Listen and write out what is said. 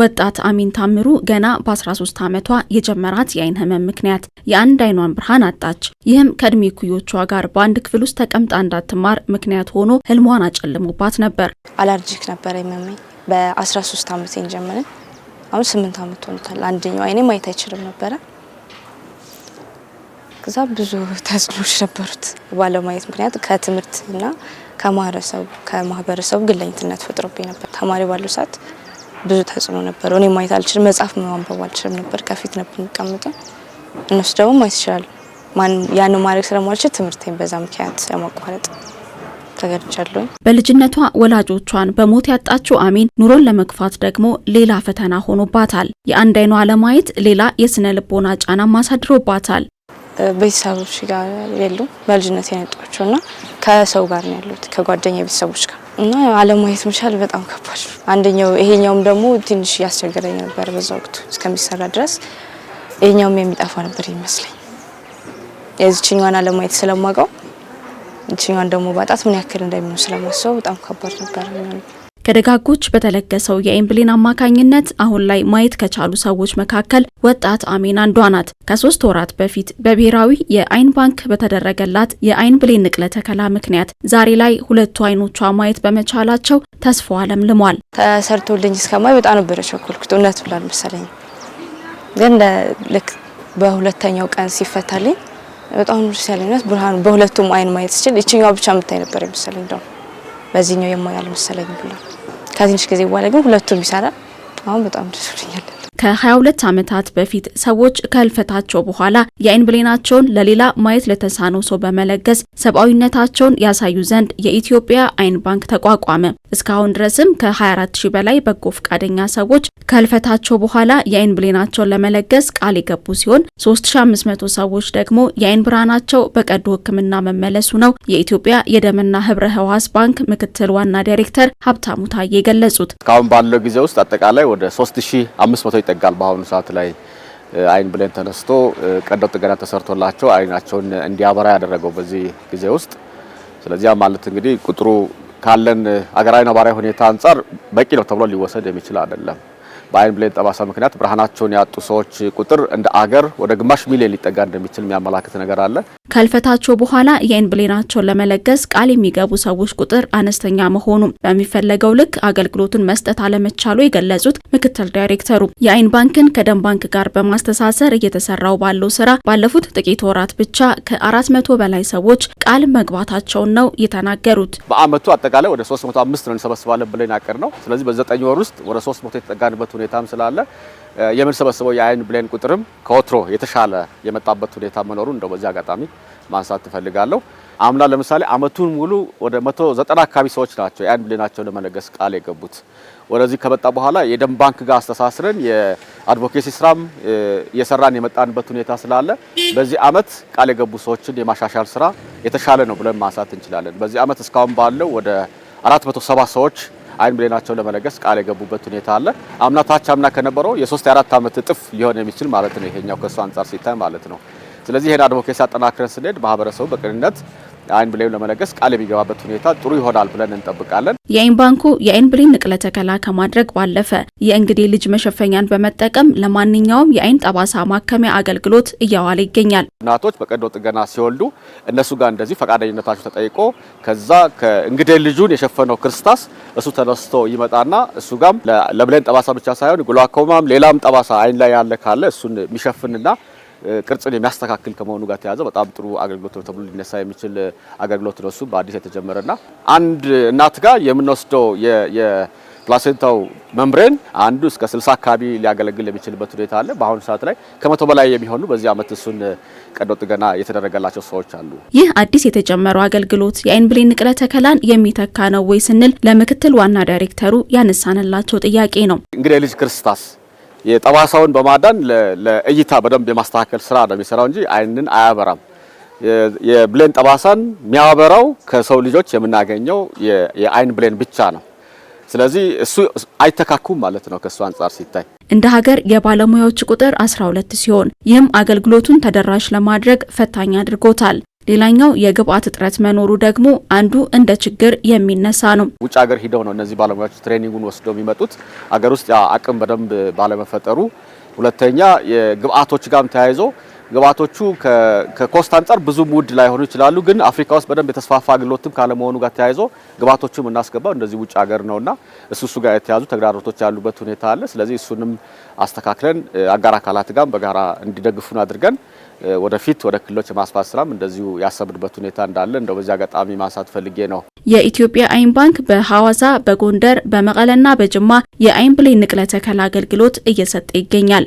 ወጣት አሚን ታምሩ ገና በ13 ዓመቷ የጀመራት የአይን ህመም ምክንያት የአንድ አይኗን ብርሃን አጣች። ይህም ከእድሜ ኩዮቿ ጋር በአንድ ክፍል ውስጥ ተቀምጣ እንዳትማር ምክንያት ሆኖ ህልሟን አጨልሞባት ነበር። አላርጂክ ነበረ የመመኝ በ13 ዓመት ጀምረ አሁን 8 ዓመት ሆኖታል። አንደኛው አይኔ ማየት አይችልም ነበረ። ከዛ ብዙ ተጽዕኖች ነበሩት ባለማየት ምክንያት ከትምህርትና ከማህበረሰቡ ግለኝትነት ፈጥሮብኝ ነበር። ተማሪ ባሉ ሰዓት ብዙ ተጽዕኖ ነበረው። እኔ ማየት አልችልም፣ መጽሐፍ ማንበብ አልችልም ነበር። ከፊት ነበር የሚቀመጠው፣ እነሱ ደግሞ ማየት ይችላሉ። ያን ማድረግ ስለማልችል ትምህርቴን በዛ ምክንያት ለማቋረጥ ተገድቻለሁ። በልጅነቷ ወላጆቿን በሞት ያጣችው አሚን ኑሮን ለመግፋት ደግሞ ሌላ ፈተና ሆኖባታል። የአንድ አይኗ አለማየት ሌላ የስነ ልቦና ጫና ማሳድሮባታል። ቤተሰቦች ጋር የሉም። በልጅነት ያነጧቸው እና ከሰው ጋር ነው ያሉት ከጓደኛ ቤተሰቦች ጋር እና አለማየት መቻል በጣም ከባድ ነው። አንደኛው ይሄኛውም ደግሞ ትንሽ እያስቸገረኝ ነበር በዛ ወቅቱ እስከሚሰራ ድረስ ይሄኛውም የሚጠፋ ነበር ይመስለኝ። የዚችኛዋን አለማየት ስለማውቀው ይችኛዋን ደግሞ ባጣት ምን ያክል እንደሚሆን ስለማስበው በጣም ከባድ ነበር። ከደጋጎች በተለገሰው የኤምብሊን አማካኝነት አሁን ላይ ማየት ከቻሉ ሰዎች መካከል ወጣት አሜን አንዷ ናት። ከሶስት ወራት በፊት በብሔራዊ የአይን ባንክ በተደረገላት የአይን ብሌን ንቅለ ተከላ ምክንያት ዛሬ ላይ ሁለቱ አይኖቿ ማየት በመቻላቸው ተስፋዋ ለምልሟል። ተሰርቶልኝ እስከማይ በጣም ነበረ የቸኮልኩት። እውነት ብላል መሰለኝ ግን ልክ በሁለተኛው ቀን ሲፈታልኝ በጣም ደስ ያለኝ ብርሃኑ በሁለቱም አይን ማየት ስችል ይችኛዋ ብቻ የምታይ ነበር የመሰለኝ ደ በዚህኛው የማያል መሰለኝ ብላል። ከዚህንሽ ጊዜ በኋላ ግን ሁለቱም ይሰራል። አሁን በጣም ደስ ብሎኛል። ከ22 ዓመታት በፊት ሰዎች ከህልፈታቸው በኋላ የአይን ብሌናቸውን ለሌላ ማየት ለተሳነው ሰው በመለገስ ሰብአዊነታቸውን ያሳዩ ዘንድ የኢትዮጵያ አይን ባንክ ተቋቋመ። እስካሁን ድረስም ከ24 ሺህ በላይ በጎ ፈቃደኛ ሰዎች ከህልፈታቸው በኋላ የአይን ብሌናቸውን ለመለገስ ቃል የገቡ ሲሆን 3500 ሰዎች ደግሞ የአይን ብርሃናቸው በቀዶ ህክምና መመለሱ ነው የኢትዮጵያ የደምና ህብረ ህዋስ ባንክ ምክትል ዋና ዳይሬክተር ሀብታሙ ታዬ የገለጹት። እስካሁን ባለው ጊዜ ውስጥ አጠቃላይ ወደ 3500 ይጠጋል። በአሁኑ ሰዓት ላይ አይን ብሌን ተነስቶ ቀዶ ጥገና ተሰርቶላቸው አይናቸውን እንዲያበራ ያደረገው በዚህ ጊዜ ውስጥ ስለዚያ ማለት እንግዲህ ቁጥሩ ካለን አገራዊ ነባራዊ ሁኔታ አንጻር በቂ ነው ተብሎ ሊወሰድ የሚችል አይደለም። በአይን ብሌን ጠባሳ ምክንያት ብርሃናቸውን ያጡ ሰዎች ቁጥር እንደ አገር ወደ ግማሽ ሚሊዮን ሊጠጋ እንደሚችል የሚያመላክት ነገር አለ። ከልፈታቸው በኋላ የአይን ብሌናቸውን ለመለገስ ቃል የሚገቡ ሰዎች ቁጥር አነስተኛ መሆኑ በሚፈለገው ልክ አገልግሎቱን መስጠት አለመቻሉ የገለጹት ምክትል ዳይሬክተሩ የአይን ባንክን ከደም ባንክ ጋር በማስተሳሰር እየተሰራው ባለው ስራ ባለፉት ጥቂት ወራት ብቻ ከአራት መቶ በላይ ሰዎች ቃል መግባታቸውን ነው የተናገሩት። በአመቱ አጠቃላይ ወደ 305 ነው እንሰበስባለን ብለን ነው። ስለዚህ በዘጠኝ ወር ውስጥ ወደ 300 የተጠጋንበት ሁኔታም ስላለ የምንሰበስበው የአይን ብሌን ቁጥርም ከወትሮ የተሻለ የመጣበት ሁኔታ መኖሩ እንደው በዚህ አጋጣሚ ማንሳት እፈልጋለሁ። አምና ለምሳሌ አመቱን ሙሉ ወደ መቶ ዘጠና አካባቢ ሰዎች ናቸው የአይን ብሌናቸውን ለመለገስ ቃል የገቡት። ወደዚህ ከመጣ በኋላ የደም ባንክ ጋር አስተሳስረን የአድቮኬሲ ስራም እየሰራን የመጣንበት ሁኔታ ስላለ በዚህ አመት ቃል የገቡ ሰዎችን የማሻሻል ስራ የተሻለ ነው ብለን ማንሳት እንችላለን። በዚህ አመት እስካሁን ባለው ወደ አራት መቶ ሰባ ሰዎች አይን ብሌናቸውን ለመለገስ ቃል የገቡበት ሁኔታ አለ። አምና ታች አምና ከነበረው የሶስት የአራት ዓመት እጥፍ ሊሆን የሚችል ማለት ነው። ይሄኛው ከእሱ አንጻር ሲታይ ማለት ነው። ስለዚህ ይህን አድቮኬሲ አጠናክረን ስንሄድ ማህበረሰቡ በቅንነት አይን ብሌም ለመለገስ ቃል የሚገባበት ሁኔታ ጥሩ ይሆናል ብለን እንጠብቃለን። የአይን ባንኩ የአይን ብሌን ንቅለ ተከላ ከማድረግ ባለፈ የእንግዴ ልጅ መሸፈኛን በመጠቀም ለማንኛውም የአይን ጠባሳ ማከሚያ አገልግሎት እያዋለ ይገኛል። እናቶች በቀዶ ጥገና ሲወልዱ እነሱ ጋር እንደዚህ ፈቃደኝነታቸው ተጠይቆ ከዛ ከእንግዴ ልጁን የሸፈነው ክርስታስ እሱ ተነስቶ ይመጣና እሱ ጋም ለብሌን ጠባሳ ብቻ ሳይሆን ግላኮማም ሌላም ጠባሳ አይን ላይ ያለ ካለ እሱን የሚሸፍንና ቅርጽን የሚያስተካክል ከመሆኑ ጋር ተያዘ በጣም ጥሩ አገልግሎት ነው ተብሎ ሊነሳ የሚችል አገልግሎት ነው። እሱ በአዲስ የተጀመረና አንድ እናት ጋር የምንወስደው ፕላሴንታው መምብሬን አንዱ እስከ 60 አካባቢ ሊያገለግል የሚችልበት ሁኔታ አለ። በአሁኑ ሰዓት ላይ ከመቶ በላይ የሚሆኑ በዚህ ዓመት እሱን ቀዶ ጥገና የተደረገላቸው ሰዎች አሉ። ይህ አዲስ የተጀመረው አገልግሎት የአይን ብሌን ንቅለ ተከላን የሚተካ ነው ወይ ስንል ለምክትል ዋና ዳይሬክተሩ ያነሳንላቸው ጥያቄ ነው። እንግዲህ የልጅ ክርስታስ የጠባሳውን በማዳን ለእይታ በደንብ የማስተካከል ስራ ነው የሚሰራው እንጂ አይንን አያበራም። የብሌን ጠባሳን የሚያበራው ከሰው ልጆች የምናገኘው የአይን ብሌን ብቻ ነው። ስለዚህ እሱ አይተካኩም ማለት ነው። ከእሱ አንጻር ሲታይ እንደ ሀገር የባለሙያዎች ቁጥር 12 ሲሆን ይህም አገልግሎቱን ተደራሽ ለማድረግ ፈታኝ አድርጎታል። ሌላኛው የግብአት እጥረት መኖሩ ደግሞ አንዱ እንደ ችግር የሚነሳ ነው። ውጭ ሀገር ሂደው ነው እነዚህ ባለሙያዎች ትሬኒንጉን ወስደው የሚመጡት። አገር ውስጥ አቅም በደንብ ባለመፈጠሩ፣ ሁለተኛ የግብአቶች ጋርም ተያይዞ ግብአቶቹ ከኮስት አንጻር ብዙም ውድ ላይሆኑ ይችላሉ። ግን አፍሪካ ውስጥ በደንብ የተስፋፋ አገልግሎትም ካለመሆኑ ጋር ተያይዞ ግብአቶቹም እናስገባው እንደዚህ ውጭ ሀገር እና እሱ እሱ ጋር የተያዙ ተግዳሮቶች ያሉበት ሁኔታ አለ። ስለዚህ እሱንም አስተካክለን አጋር አካላት ጋር በጋራ እንዲደግፉን አድርገን ወደፊት ወደ ክልሎች የማስፋት ስራም እንደዚሁ ያሰብንበት ሁኔታ እንዳለ እንደው በዚህ አጋጣሚ ማንሳት ፈልጌ ነው። የኢትዮጵያ አይን ባንክ በሐዋሳ፣ በጎንደር፣ በመቀለና በጅማ የአይን ብሌን ንቅለ ተከላ አገልግሎት እየሰጠ ይገኛል።